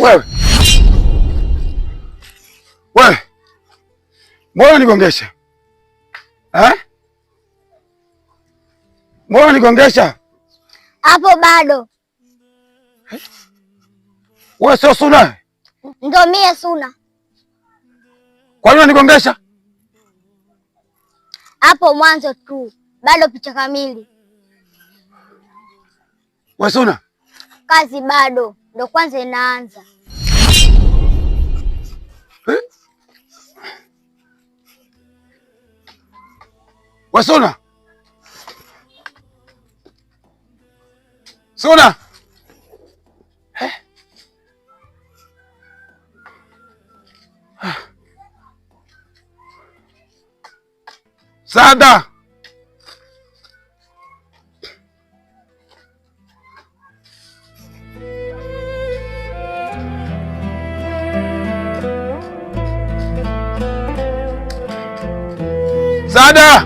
Wewe wewe, mbona nigongesha? Mbona nigongesha hapo? Bado wewe sio Suna? Ndio mie Suna. Kwa nini nigongesha hapo mwanzo tu? Bado picha kamili. Wewe Suna, kazi bado ndo kwanza inaanza eh? Wasona Sona eh? Ah. Sada Dada ah,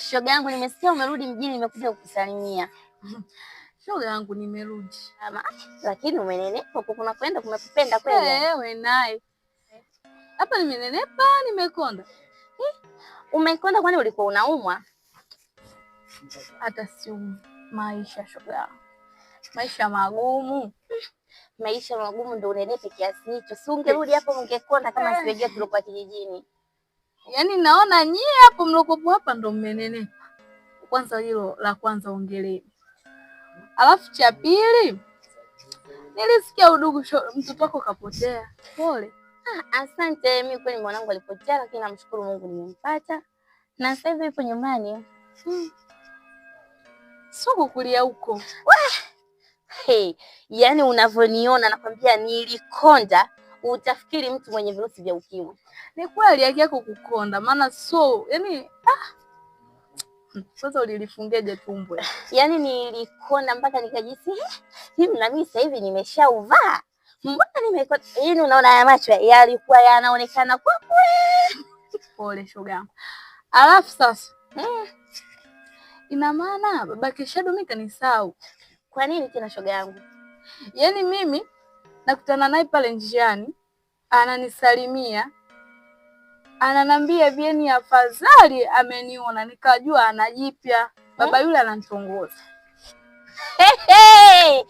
shoga yangu, nimesikia umerudi mjini, nimekuja kukusalimia. Shoga yangu, nimerudi. Lakini umenenepa, kuna kwenda kumependa kweli. Eh, eh, Wewe naye hapa, nimenenepa, nimekonda. Eh, umekonda kwani ulikuwa unaumwa? hata sio maisha. Shoga, maisha magumu, maisha magumu ndio unenepe kiasi hicho? Si ungerudi hapo ungekonda kama sivejua tulikuwa kijijini. Yaani naona nyie hapo mlokopo hapa ndo mmenene. Kwanza hilo la kwanza ongelee, alafu cha pili nilisikia udugu mtoto wako kapotea. Pole. Ah, asante. Mimi kweli mwanangu alipotea, lakini namshukuru Mungu nimempata na sasa hivi yupo nyumbani. hmm sio kukulia huko. Hey, yani unavyoniona nakwambia nilikonda utafikiri mtu mwenye virusi vya ukimwi. Ni kweli haki yako kukonda, maana so yani ah. Sasa ulilifungeje tumbwe? Yani nilikonda mpaka nikajisi eh, hivi na mimi sasa hivi nimeshauvaa. Mbona nimekota? Yaani unaona haya macho yalikuwa yanaonekana kwa kweli. Pole shoga. Alafu sasa. Hmm. Ina maana mm. babake Shadow mimi kanisahau. Kwa nini tena shoga yangu? Yaani mimi nakutana naye pale njiani, ananisalimia, ananambia vieni afadhali ameniona, nikajua anajipya baba eh? yule ananitongoza. Hey, hey!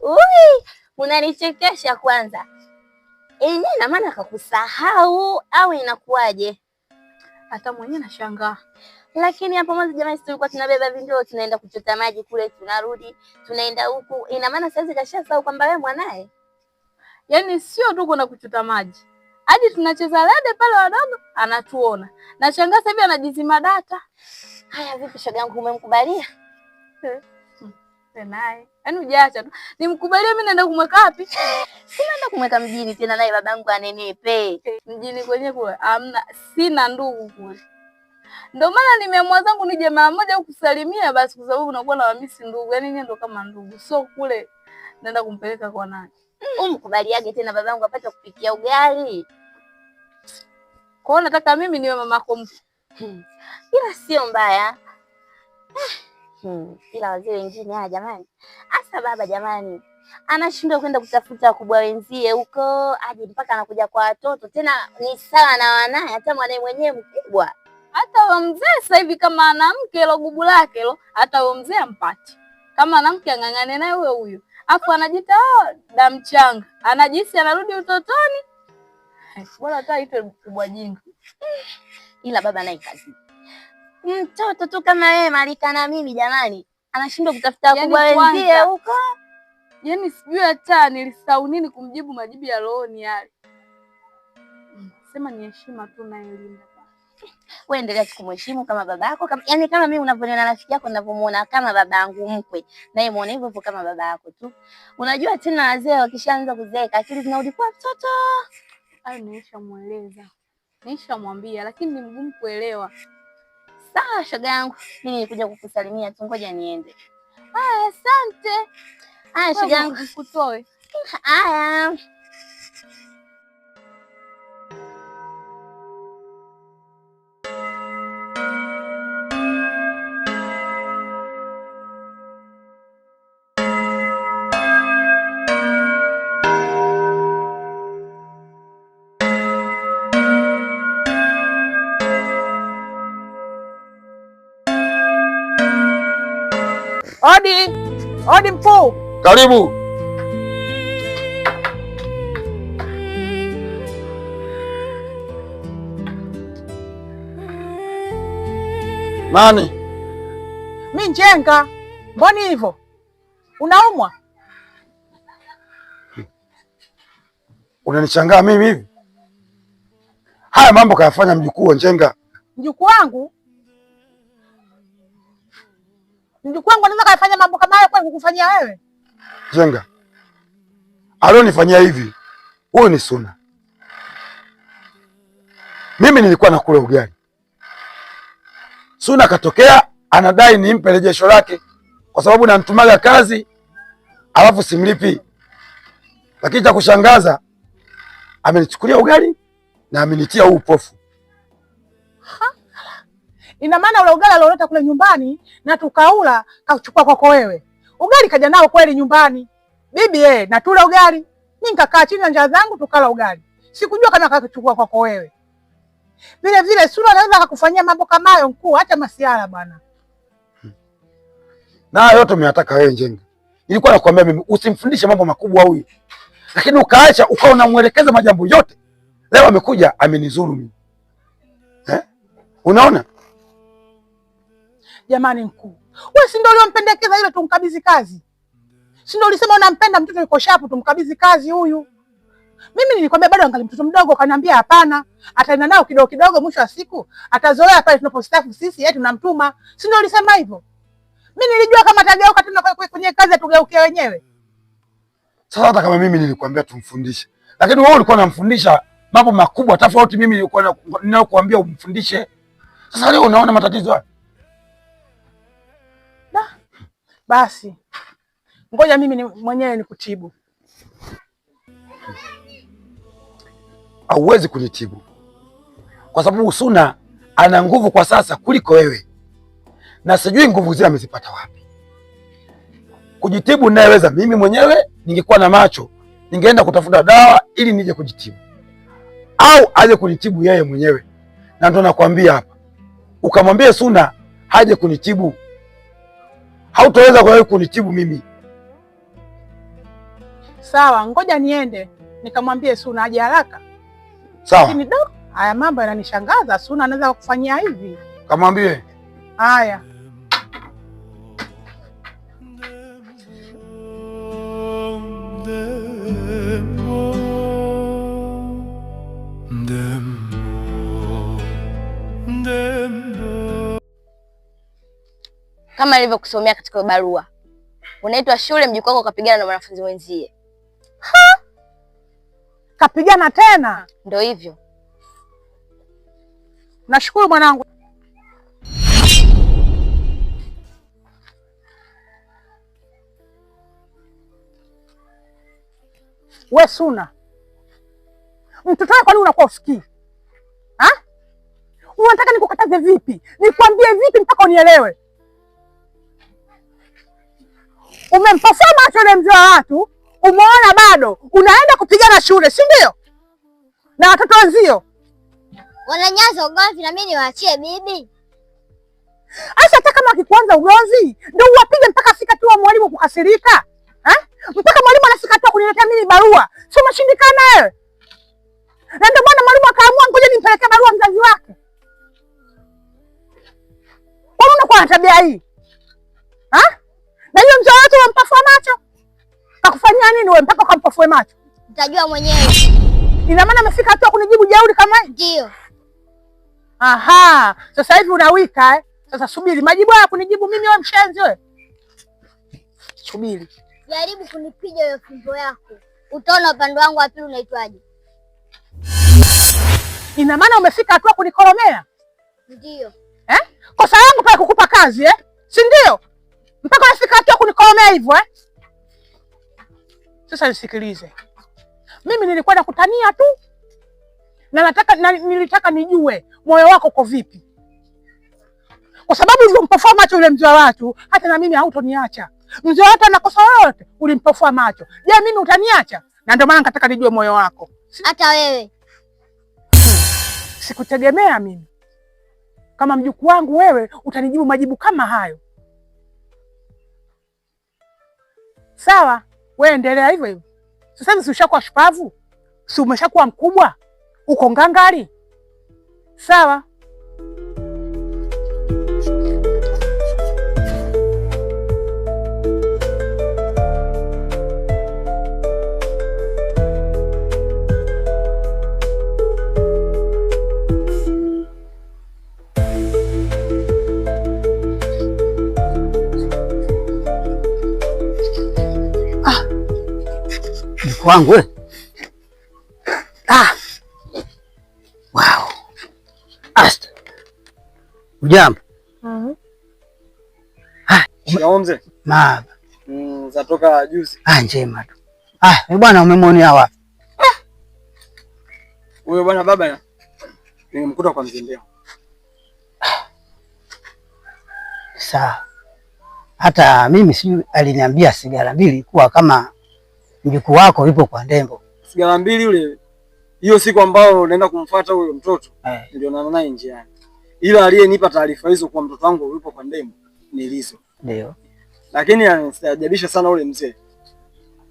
Ui, unanichekesha kwanza. Eh, ina e, maana akakusahau au inakuwaje? Hata mwenyewe nashangaa lakini hapo mwanzo jamani, sisi tulikuwa tunabeba vindoo tunaenda kuchota maji kule, tunarudi tunaenda huku. Ina maana sasa kashasahau kwamba wewe mwanae, yaani sio tu kuna kuchota maji, hadi tunacheza lede pale wadogo, anatuona na shangaa. Sasa hivi anajizima data. Haya, vipi shoga yangu, umemkubalia naye? Yaani ujaacha tu nimkubalia, mimi, naenda kumweka wapi? naenda kumweka mjini tena, naye babangu anenipe eh, mjini kwenye kule, amna sina ndugu kule ndio maana nimeamua zangu nije mara moja kukusalimia basi, kwa sababu unakuwa na wamisi ndugu, yaani yeye ndo kama ndugu. So kule naenda kumpeleka kwa nani? Mm, Umkubaliage tena babangu apate kupikia ugali. kwao, nataka mimi niwe mamako mkuu. Hmm. Ila sio mbaya. Ah, hmm. Ila wazee wengine haya ah, jamani, hasa baba jamani, anashindwa kwenda kutafuta wakubwa wenzie huko, aje mpaka anakuja kwa watoto tena, ni sawa na wanaye, hata mwanae mwenyewe mkubwa hata huyo mzee sasa hivi kama anamke mke lo gubu lake lo, hata huyo mzee ampati. Kama anamke ang'ang'ane naye huyo huyo, afu anajita oh, damu changa, anajisi anarudi utotoni. Bora hata aitwe kubwa jinga. Ila baba naye kazi mtoto tu kama yeye Marika na mimi jamani, anashindwa kutafuta yaani kubwa wenzie huko. Yani sijui hata nilisahau nini kumjibu majibu ya rohoni yale. Hmm, sema ni heshima tu na elimu wewe endelea kumheshimu kama babako kama, yani kama mimi unavyoniona rafiki yako ninavyomuona kama babangu mkwe, na yeye muone hivyo hivyo kama baba yako tu. Unajua tena wazee wakishaanza kuzeeka akili zinarudi kwa mtoto. Ai, nimeshamueleza nimeshamwambia, lakini ni mgumu kuelewa. Sawa shoga yangu, mimi nilikuja kukusalimia tu, ngoja niende. Haya, asante. Haya shoga yangu, kutoe haya Odi, odi mkuu, karibu. Nani? Mi Njenga. Mboni hivyo unaumwa? Unanishangaa mimi hivi? Haya mambo kayafanya mjukuu wa Njenga, mjukuu wangu Ndugu yangu anaweza kafanya mambo kama hayo kwani kukufanyia wewe? Jenga. Alionifanyia hivi. Huyu ni Suna. Mimi nilikuwa nakula ugali. Suna katokea anadai nimpe rejesho lake kwa sababu nantumaga kazi alafu simlipi. Lakini cha kushangaza amenichukulia ugali na amenitia huu upofu. Ina maana ule ugali alioleta kule nyumbani na tukaula, kachukua kwako wewe. Ugali kaja nao kweli nyumbani. Bibi eh, na tule ugali. Mimi nikakaa chini na njaa zangu tukala ugali. Sikujua kama akachukua kwako wewe. Vile vile Sura anaweza akakufanyia mambo kama hayo mkuu, hata masiara bwana. Na yote umeyataka wewe njenga. Nilikuwa nakwambia mimi usimfundishe mambo makubwa huyu. Lakini ukaacha ukawa unamuelekeza majambo yote. Leo amekuja amenizuru mimi. Eh? Unaona? Jamani mkuu, wewe si ndio uliompendekeza ile tumkabidhi kazi? Si ndio ulisema unampenda mtoto yuko shapu, tumkabidhi kazi huyu? Mimi nilikwambia bado angali mtoto mdogo, kaniambia hapana, ataenda nao kidogo kidogo, mwisho wa siku atazoea pale tunapostaafu sisi, eti tunamtuma. Si ndio ulisema hivyo? Mimi nilijua kama atageuka tena kwenye kazi, atugeuke wenyewe. Sasa hata kama mimi nilikwambia tumfundishe, lakini wewe ulikuwa unamfundisha mambo makubwa tofauti, mimi nilikuwa ninakuambia umfundishe. Sasa leo unaona matatizo haya. basi ngoja mimi ni mwenyewe nikutibu. Hauwezi kunitibu kwa sababu Suna ana nguvu kwa sasa kuliko wewe, na sijui nguvu zile amezipata wapi. Kujitibu nayeweza mimi mwenyewe, ningekuwa na macho ningeenda kutafuta dawa ili nije kujitibu, au aje kunitibu yeye mwenyewe. Na ndo nakwambia hapa, ukamwambia Suna haje kunitibu hautaweza kwa kunitibu mimi. Sawa, ngoja niende nikamwambie Suna aje haraka. Sawa. Lakini do, haya mambo yananishangaza. Suna anaweza kukufanyia hivi? Kamwambie haya. kama ilivyokusomea katika barua. Unaitwa shule, mjukuu wako kapigana na mwanafunzi wenzie. Ha! Kapigana tena? Ndio hivyo. Nashukuru mwanangu. We Suna, mtoto wako kwani unakuwa usikii? Unataka nikukataze vipi? Nikwambie vipi mpaka unielewe? umempofoa macho na mzee wa watu, umeona bado unaenda kupigana shule, si ndio? Na watoto wenzio wananyaza ugomvi, na mimi niwaachie bibi? Asa, hata kama akikuanza ugonzi ndio uwapige mpaka fika tu mwalimu kukasirika mpaka mwalimu anafika tu kuniletea mimi barua, sio mashindikana wewe. Na ndio bwana mwalimu akaamua ngoja nimpelekea barua mzazi wake. Unaona kwa tabia hii ha? Na hiyo mzee wake wampafua macho, kakufanyia nini wewe mpaka ukampafue macho? Utajua mwenyewe. Ina maana amefika hatua kunijibu jeuri kama hii? Ndio. Aha, sasa hivi unawika eh? Sasa subiri majibu haya kunijibu mimi, wewe mshenzi wewe. Subiri. Jaribu kunipiga hiyo fimbo yako. Utaona upande wangu wa pili unaitwaje. Ina maana umefika hatua kunikoromea? Ndio. Eh? Kosa yangu pale kukupa kazi eh? Si ndio? mpaka nafika hatua kunikoromea hivyo eh? Sasa nisikilize mimi, nilikuwa nakutania tu na nataka na, nilitaka nijue moyo wako uko vipi, kwa sababu ulimpofoa macho yule mzee wa watu, hata na mimi hautoniacha. Mzee wa watu anakosa wote ulimpofua macho. Je, mimi utaniacha? Na ndio maana nataka nijue moyo wako. Hata wewe sikutegemea mimi kama mjukuu wangu, wewe utanijibu majibu kama hayo. Sawa, wewe endelea hivyo hivyo. Sasa hivi si ushakuwa shupavu? Si umeshakuwa mkubwa? Uko ngangari? Sawa, Mkwangu we. Ah. Wow. Asta. Ujambo. Mhm. Ah, unaomze? Mama. Mm, zatoka juzi. Ah, njema tu. Ah, eh, bwana umemwonea wapi? Huyo bwana baba ya. Nimemkuta kwa mzindeo. Sawa. Hata mimi sijui aliniambia sigara mbili kuwa kama mjukuu wako yupo kwa Ndembo sigara mbili yule. Hiyo siku ambayo naenda kumfuata huyo mtoto eh. nilionana naye njiani, ila aliyenipa taarifa hizo kwa mtoto wangu yupo kwa Ndembo ni Lizo. Ndio, lakini anastaajabisha sana ule mzee,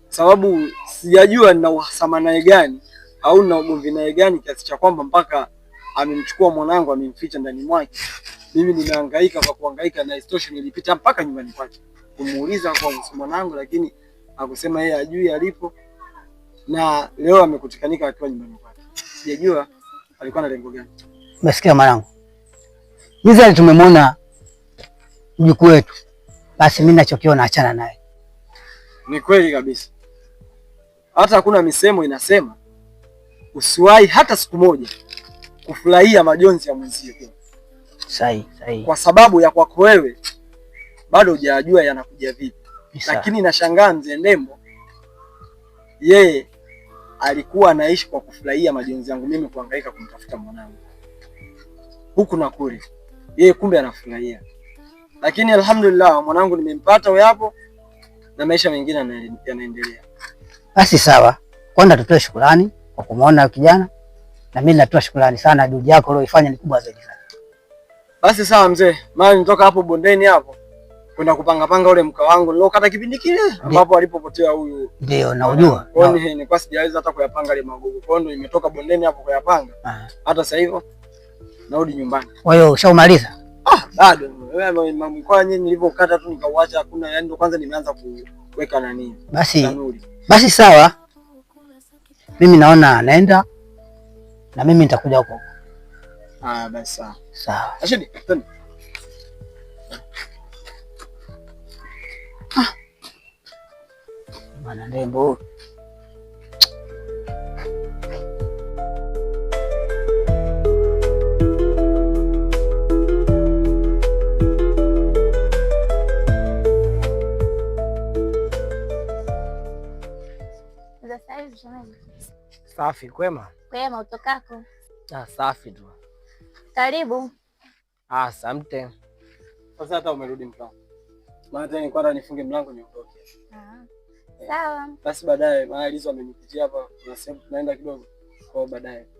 sababu sijajua nina uhasama naye gani au nina ugomvi naye gani kiasi cha kwamba mpaka amemchukua mwanangu amemficha ndani mwake. Mimi ninahangaika kwa kuhangaika, na istoshi nilipita mpaka nyumbani kwake kumuuliza kwa mwanangu, lakini akusema yeye ajui alipo, na leo amekutikanika akiwa nyumbani kwake. Sijajua alikuwa na lengo gani. Umesikia mwanangu, Mizali tumemwona mjukuu wetu, basi mimi nachokiona achana naye. Ni kweli kabisa, hata hakuna misemo inasema usiwahi hata siku moja kufurahia majonzi ya mwenzio. Sahi, sahi. Kwa sababu ya kwako wewe bado hujajua yanakuja vipi lakini nashangaa mzee Ndembo yeye alikuwa anaishi kwa kufurahia majonzi yangu mimi kuhangaika kumtafuta mwanangu huku na kule, yeye kumbe anafurahia. Lakini alhamdulillah mwanangu nimempata huyo hapo, na maisha mengine yanaendelea. Basi sawa, kwanza tutoe shukrani kwa kumwona kijana, na mimi natoa shukrani sana. Juhudi yako uliyoifanya ni kubwa zaidi sana. Basi sawa mzee, maana nitoka hapo bondeni hapo kwenda kupanga panga ule mka wangu nilokata kipindi kile ambapo alipopotea huyu. Ndio na unajua nilikuwa sijaweza hata kuyapanga ile magugu, kwa ndio imetoka bondeni hapo kuyapanga. Ah. Hata sasa hivyo narudi nyumbani. Kwa hiyo ushaumaliza? Ah, bado Wewe mkoa nyinyi nilipokata tu nikauacha, hakuna yani, ndio kwanza nimeanza kuweka nani. Basi tanuri. Basi sawa, mimi naona anaenda na mimi nitakuja huko. Ah, basi sawa sawa. Ashidi, twende bana Ndembo. Safi, kwema? Kwema, utokako? Ah, safi tu. Karibu. Ah, asante. Sasa hata umerudi mtaa maana tena nilikuwa nifunge mlango niondoke. Ah. Eh. Sawa. Basi baadaye maana Lizo amenipitia hapa, kuna sehemu tunaenda kidogo kwao baadaye.